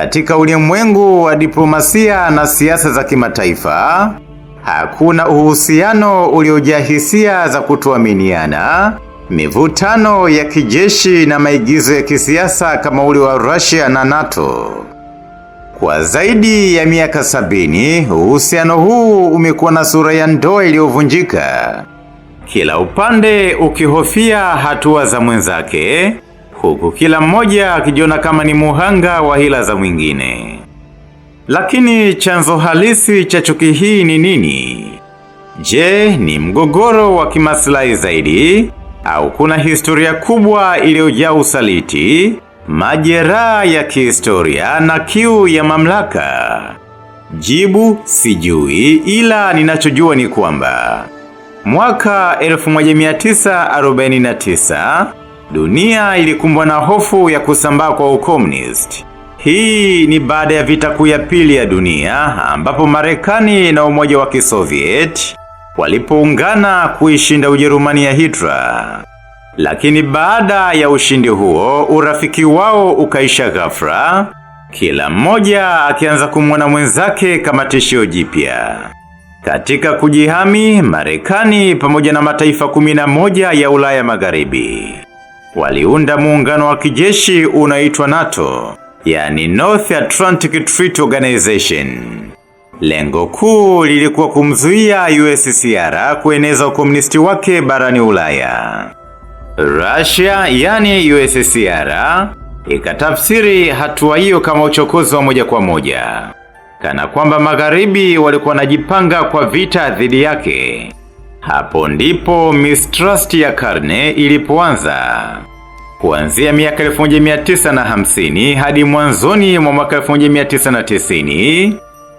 Katika ulimwengu wa diplomasia na siasa za kimataifa, hakuna uhusiano uliojaa hisia za kutuaminiana, mivutano ya kijeshi na maigizo ya kisiasa kama ule wa Russia na NATO. Kwa zaidi ya miaka sabini, uhusiano huu umekuwa na sura ya ndoa iliyovunjika, kila upande ukihofia hatua za mwenzake huku kila mmoja akijiona kama ni muhanga wa hila za mwingine. Lakini chanzo halisi cha chuki hii ni nini? Je, ni mgogoro wa kimaslahi zaidi au kuna historia kubwa iliyojaa usaliti, majeraha ya kihistoria na kiu ya mamlaka? Jibu sijui, ila ninachojua ni kwamba mwaka 1949 Dunia ilikumbwa na hofu ya kusambaa kwa ukomunisti. Hii ni baada ya vita kuu ya pili ya dunia ambapo Marekani na Umoja wa Kisovieti walipoungana kuishinda Ujerumani ya Hitler. Lakini baada ya ushindi huo, urafiki wao ukaisha ghafla, kila mmoja akianza kumwona mwenzake kama tishio jipya. Katika kujihami, Marekani pamoja na mataifa 11 ya Ulaya Magharibi waliunda muungano wa kijeshi unaitwa NATO, yani North Atlantic Treaty Organization. Lengo kuu lilikuwa kumzuia USSR kueneza ukomunisti wake barani Ulaya. Russia, yani USSR, ikatafsiri hatua hiyo kama uchokozi wa moja kwa moja, kana kwamba magharibi walikuwa wanajipanga kwa vita dhidi yake. Hapo ndipo mistrust ya karne ilipoanza. Kuanzia miaka 1950 hadi mwanzoni mwa mwaka 1990,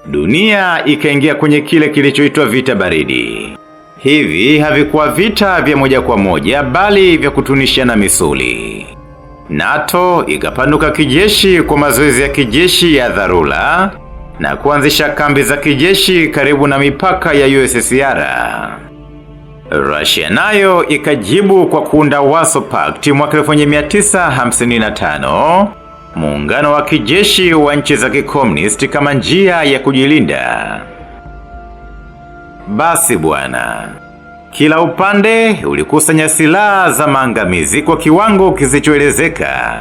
dunia ikaingia kwenye kile kilichoitwa vita baridi. Hivi havikuwa vita vya moja kwa moja, bali vya kutunishana misuli. NATO ikapanuka kijeshi kwa mazoezi ya kijeshi ya dharura na kuanzisha kambi za kijeshi karibu na mipaka ya USSR. Russia nayo ikajibu kwa kuunda Warsaw Pact mwaka 1955, muungano wa kijeshi wa nchi za kikomunisti kama njia ya kujilinda. Basi bwana, kila upande ulikusanya silaha za maangamizi kwa kiwango kisichoelezeka.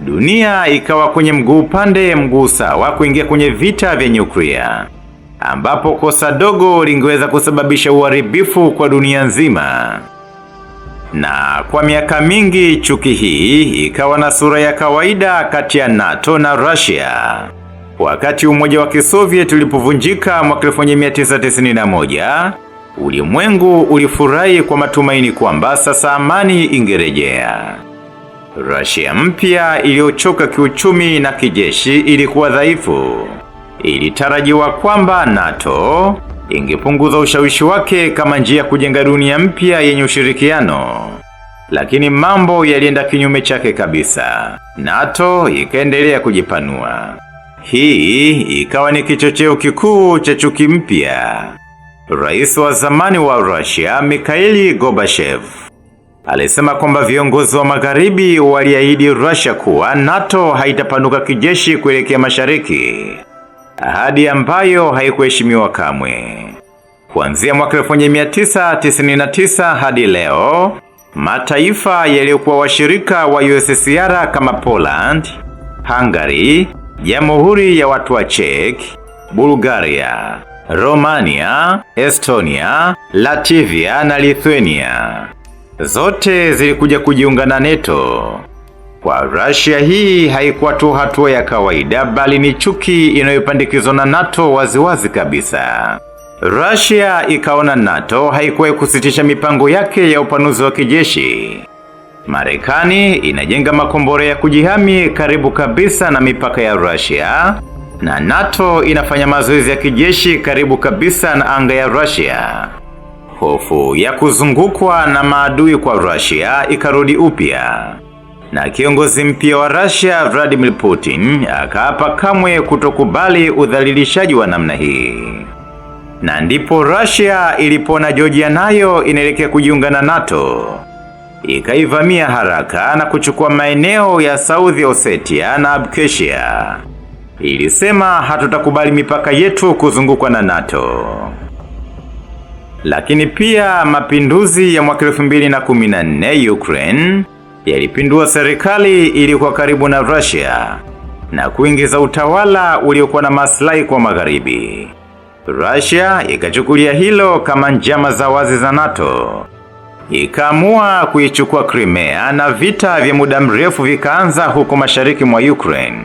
Dunia ikawa kwenye mguu upande mguu sawa kuingia kwenye vita vya nyuklia ambapo kosa dogo lingeweza kusababisha uharibifu kwa dunia nzima. Na kwa miaka mingi chuki hii ikawa na sura ya kawaida kati ya NATO na Russia. Wakati umoja wa Kisoviet ulipovunjika mwaka 1991, ulimwengu ulifurahi kwa matumaini kwamba sasa amani ingerejea. Russia mpya iliyochoka kiuchumi na kijeshi ilikuwa dhaifu. Ilitarajiwa kwamba NATO ingepunguza ushawishi wake kama njia ya kujenga dunia mpya yenye ushirikiano, lakini mambo yalienda kinyume chake kabisa. NATO ikaendelea kujipanua. Hii ikawa ni kichocheo kikuu cha chuki mpya. Rais wa zamani wa Russia Mikhaili Gorbachev alisema kwamba viongozi wa magharibi waliahidi Russia kuwa NATO haitapanuka kijeshi kuelekea mashariki, ahadi ambayo haikuheshimiwa kamwe. Kuanzia mwaka 1999 hadi leo, mataifa yaliyokuwa washirika wa USSR kama Poland, Hungary, Jamhuri ya watu wa Czech, Bulgaria, Romania, Estonia, Latvia na Lithuania zote zilikuja kujiunga na NATO. Kwa Russia hii haikuwa tu hatua ya kawaida bali ni chuki inayopandikizwa na NATO waziwazi kabisa. Russia ikaona NATO haikuwahi kusitisha mipango yake ya upanuzi wa kijeshi. Marekani inajenga makombora ya kujihami karibu kabisa na mipaka ya Russia na NATO inafanya mazoezi ya kijeshi karibu kabisa na anga ya Russia. Hofu ya kuzungukwa na maadui kwa Russia ikarudi upya na kiongozi mpya wa Russia Vladimir Putin akaapa kamwe kutokubali udhalilishaji wa namna hii. Na ndipo Russia ilipona Georgia nayo inaelekea kujiunga na NATO, ikaivamia haraka na kuchukua maeneo ya South Ossetia na Abkhazia. Ilisema hatutakubali mipaka yetu kuzungukwa na NATO. Lakini pia mapinduzi ya mwaka 2014 Ukraine yalipindua serikali iliyokuwa karibu na Russia na kuingiza utawala uliokuwa na maslahi kwa magharibi. Russia ikachukulia hilo kama njama za wazi za NATO, ikaamua kuichukua Crimea na vita vya muda mrefu vikaanza huko mashariki mwa Ukraine,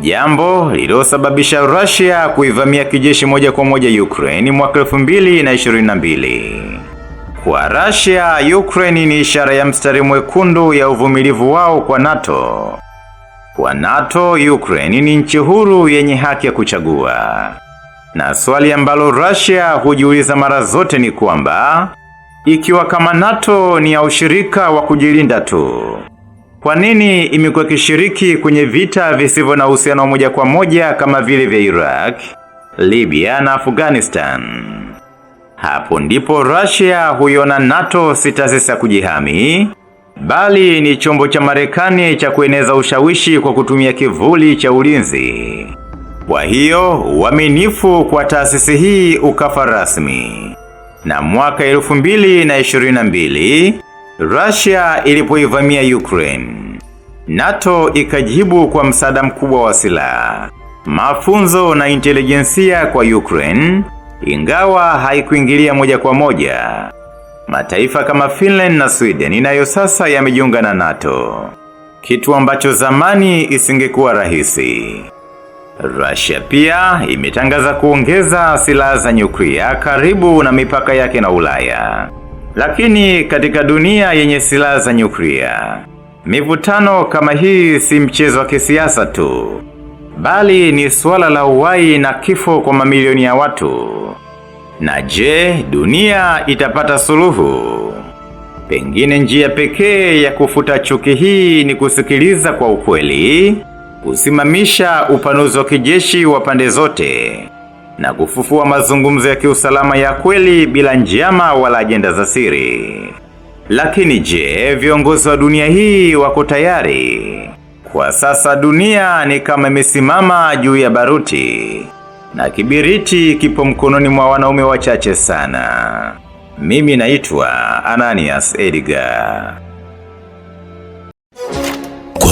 jambo lililosababisha Russia kuivamia kijeshi moja kwa moja Ukraine mwaka 2022 kwa Russia, Ukraine ni ishara ya mstari mwekundu ya uvumilivu wao kwa NATO. Kwa NATO, Ukraine ni nchi huru yenye haki ya kuchagua. Na swali ambalo Russia hujiuliza mara zote ni kwamba ikiwa kama NATO ni ya ushirika wa kujilinda tu, kwa nini imekuwa ikishiriki kwenye vita visivyo na uhusiano wa moja kwa moja kama vile vya Iraq, Libya na Afghanistan? Hapo ndipo Russia huiona NATO si taasisi ya kujihami, bali ni chombo cha Marekani cha kueneza ushawishi kwa kutumia kivuli cha ulinzi. Kwa hiyo uaminifu kwa taasisi hii ukafa rasmi, na mwaka 2022 Russia ilipoivamia Ukraine, NATO ikajibu kwa msaada mkubwa wa silaha, mafunzo na intelijensia kwa Ukraine ingawa haikuingilia moja kwa moja mataifa kama Finland na Sweden inayo sasa yamejiunga na NATO, kitu ambacho zamani isingekuwa rahisi. Russia pia imetangaza kuongeza silaha za nyuklia karibu na mipaka yake na Ulaya. Lakini katika dunia yenye silaha za nyuklia, mivutano kama hii si mchezo wa kisiasa tu, bali ni suala la uhai na kifo kwa mamilioni ya watu. Na je, dunia itapata suluhu? Pengine njia pekee ya kufuta chuki hii ni kusikiliza kwa ukweli, kusimamisha upanuzi wa kijeshi wa pande zote na kufufua mazungumzo ya kiusalama ya kweli bila njama wala ajenda za siri. Lakini je, viongozi wa dunia hii wako tayari? Kwa sasa dunia ni kama imesimama juu ya baruti na kibiriti kipo mkononi mwa wanaume wachache sana. Mimi naitwa Ananias Edgar.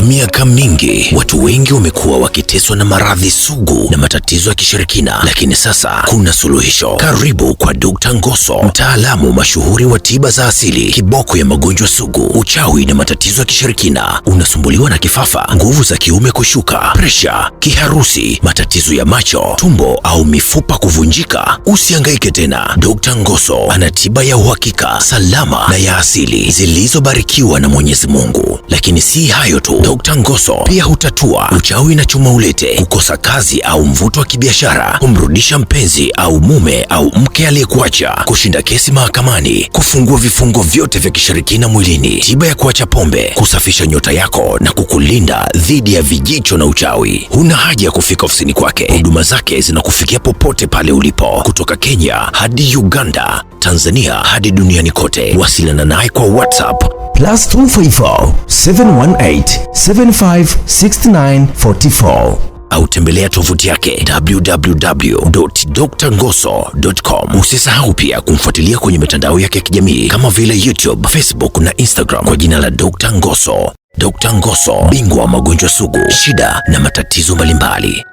Kwa miaka mingi watu wengi wamekuwa wakiteswa na maradhi sugu na matatizo ya kishirikina, lakini sasa kuna suluhisho. Karibu kwa Dr. Ngoso, mtaalamu mashuhuri wa tiba za asili, kiboko ya magonjwa sugu, uchawi na matatizo ya kishirikina. Unasumbuliwa na kifafa, nguvu za kiume kushuka, presha, kiharusi, matatizo ya macho, tumbo au mifupa kuvunjika? Usihangaike tena. Dr. Ngoso ana tiba ya uhakika, salama na ya asili zilizobarikiwa na Mwenyezi Mungu. Lakini si hayo tu Dr. Ngoso pia hutatua uchawi na chuma ulete, kukosa kazi au mvuto wa kibiashara, kumrudisha mpenzi au mume au mke aliyekuacha, kushinda kesi mahakamani, kufungua vifungo vyote vya kishirikina mwilini, tiba ya kuacha pombe, kusafisha nyota yako na kukulinda dhidi ya vijicho na uchawi. Huna haja ya kufika ofisini kwake, huduma zake zinakufikia popote pale ulipo, kutoka Kenya hadi Uganda, Tanzania hadi duniani kote. Wasiliana naye kwa WhatsApp plus 244 718 au tembelea tovuti yake www.drngoso.com. Usisahau pia kumfuatilia kwenye mitandao yake ya kijamii kama vile YouTube, Facebook na Instagram kwa jina la Dr. Ngoso. Dr. Ngoso, bingwa wa magonjwa sugu, shida na matatizo mbalimbali.